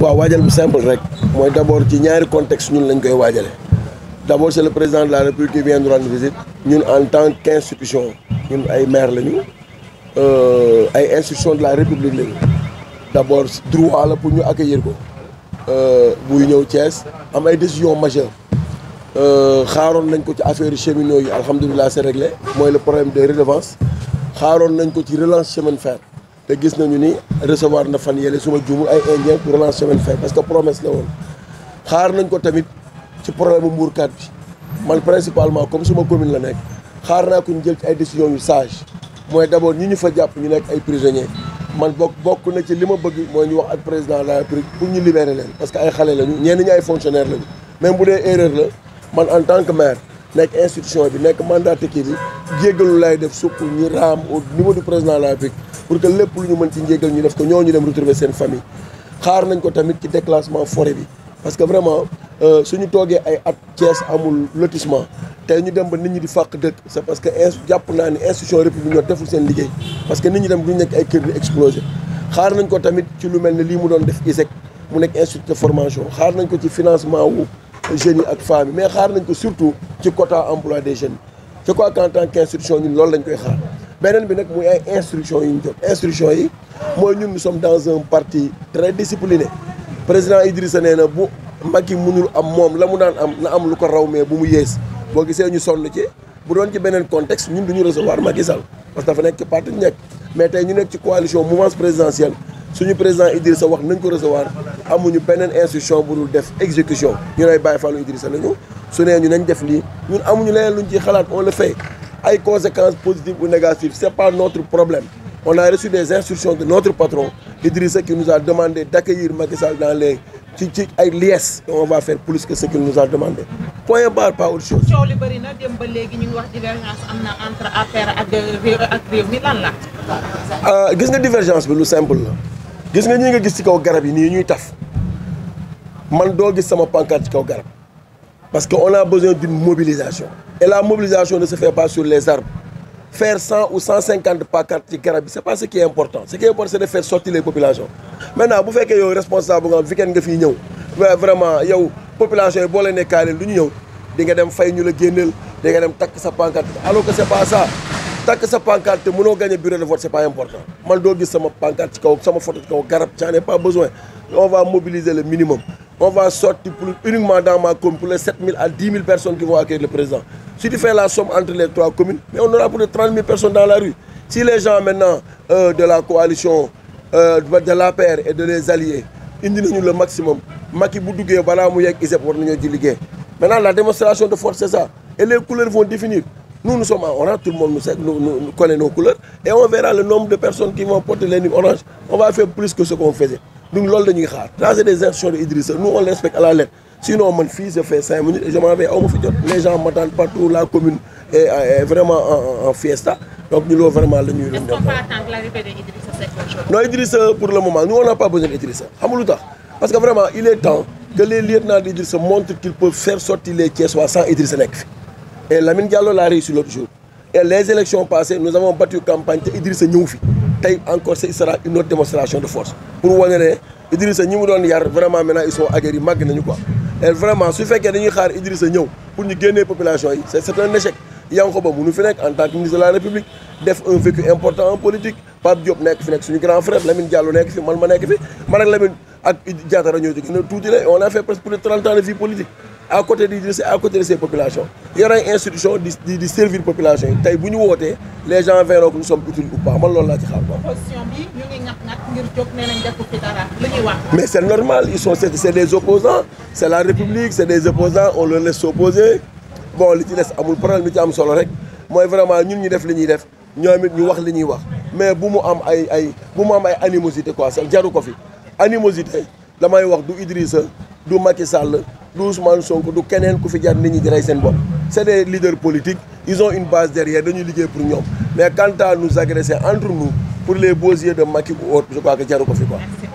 waaw waajal bu simple rek mooy d' abord ci ñaari contexte ñun lañ koy waajale d' abord le président de la république qui vient nous rendre ñun en tant qu' institution ñun ay maire la ñu euh, ay institution de la république lañu d' abord droit la pour ñu accueillir ko euh, buy ñëw cees am ay décision majeure euh, xaaroon nañ ko ci affaire cheminots yi alhamdulilah c' est réglé mooy le problème des redevances xaaroon nañ ko ci relance chemin de fer te gis nañu ni recevoir na fan yële suma juumul ay indien pour relance semaine fin parce que promesse la woon xaar nañ ko tamit ci problème mu mbuurkat bi man principalement comme suma commune la nekk xaar naa ko ñu jël ci ay décision yu sage mooy d'abord ñi ñu fa jàpp ñu nekk ay prisonniers man bokk bokk na ci li ma bëgg mooy ñu wax ak président de la République pour ñu libérer leen parce que ay xale lañu ñenn ñi ay fonctionnaires lañu même bu dee erreur la man en tant que maire nekk institution bi nekk mandat kii bi jéggalu lay def surtout ñi raam au niveau du président de pour que lépp lu ñu mën ci njégal ñu def ko ñoo ñu dem retrouver seen famille xaar nañ ko tamit ci déclassement forêt bi parce que euh, suñu toogee ay at Thiès amul lotissement tey ñu dem ba nit ñi di fàq dëkk c'est parce que jàpp naa ni institution république ñoo deful seen liggéey parce que nit ñi dem duñ nekk ay kër di exploser xaar nañ ko tamit ci lu mel ne lii mu doon def ISEC mu nekk institut de formation xaar nañ ko ci financement wu jeunes yi ak femmes yi mais xaar nañ ko surtout ci quota emploi des jeunes je crois qu'en tant qu'institution ñun loolu lañ koy beneen bi nag muy ay instruction yu yi mooy ñun nous sommes dans un parti très discipliné président Idrissa nee na bu mag Macky munul am moom la mu daan am na am lu ko raw mais bu mu yées boo gisee ñu sonn ci bu doon ci beneen contexte ñun du ñu recevoir Macky sal parce que dafa nekk parti ñu nekk mais tey ñu nekk ci coalition mouvance présidentielle suñu président Idrissa wax nañ ko recevoir amuñu beneen institution bu dul def exécution ñu lay bàyyi Fallou Idrissa lañu su nee ñu nañ def lii ñun amuñu leneen luñ ciy xalaat on le ay conséquence positives ou négatives c'est pas notre problème on a reçu des instructions de notre patron Idrissa qui nous a demandé d'accueillir Macky dans les ci ci ay liesses on va faire plus que ce qu'il nous a demandé point barre pas autre chose. Ah, gis nga divergence bi lu simple la gis nga nii nga gis ci kaw garab yi nii ñuy taf man doo gis sama pancarte ci kaw garab. Parce qu'on a besoin d'une mobilisation. Et la mobilisation ne se fait pas sur les arbres. Faire 100 ou 150 pas quartier Carabi, ce n'est pas ce qui e important. Ce qui est important, c'est de faire sortir les populations. Maintenant, vous faites que vous êtes responsable, vous faites que vous êtes vraiment, vous, population, vous êtes carré, vous êtes dem fay ñu la génnel da nga dem tak sa pancarte alors que c'est pas ça tak sa pancarte mënoo gagner bureau de vote c'est pas important man doo gis sama pancarte ci kaw ci kaw garab j'en ai pas besoin on va mobiliser le on va sortir pour, uniquement dans ma commune pour les 7 000 à 10 000 personnes qui vont accueillir le président. Si tu fais la somme entre les trois communes, mais on aura plus de personnes dans la rue. Si les gens maintenant euh, de la coalition, euh, de l'APR et de les alliés, ils disent le maximum. Maintenant, la démonstration de force, c'est ça. Et les couleurs vont définir. Nous, nous sommes en orange, tout le monde donc loolu dañuy xaar tracer des instructions de Idrissa nous on les respecte à la lettre sinon man fii je fais cinq minutes et je m'en vais jot les gens m'attendent partout la commune est vraiment en fiesta donc ñu loolu vraiment la ñuy. de Idrissa Seck aujourd'hui? pour le moment nous on n'a pas besoin d'Idrissa xam nga tax parce que vraiment il est temps que les lieutenants d'Idrissa montrent qu'ils peuvent faire sortir les Thiessois sans Idrissa nekk fi et Lamine Diallo l'a réussi l'autre les élections passées nous avons battu campagne te Idrissa ñëw fi. tey encore ce sera une autre démonstration de force pour wane ne Idrissa ñi mu doon yar vraiment maintenant ils sont aguerris yi màgg nañu quoi et vraiment su fekkee dañuy xaar Idrissa ñëw pour ñu génnee population yi c'est c'est un échec Yankoba mënu fi nekk en tant que ministre de la République def un vécu important en politique Pape nekk fi nekk suñu grand frère Lamine Diallo nekk fi man ma nekk fi man ak Lamine ak Diatara ñoo ci tuuti la on a presque plus wootee les gens verront que som sommes utiles ou pas man loolu laa ci xaar quoi. mais c' est normal ils sont c' est des opposants c' est la république c' est des opposants on leur laisse s'opposer bon li ci des amul problème li ci am solo rek mooy vraiment ñun ñu def li ñuy def ñoom it ñu wax li ñuy wax mais bu mu am ay ay bu mu am ay animosité quoi sax jaru ko fi animosité damay wax du Idrissa du Macky Sall du Ousmane Sonko du keneen ku fi jar ni ñi di seen bopp. c'est des leaders politiques ils ont une base derrière dañuy liggéey pour ñoom mais quant à nous agresser entre nous pour les beaux de Macky ou autre je crois que jaru ko fi quoi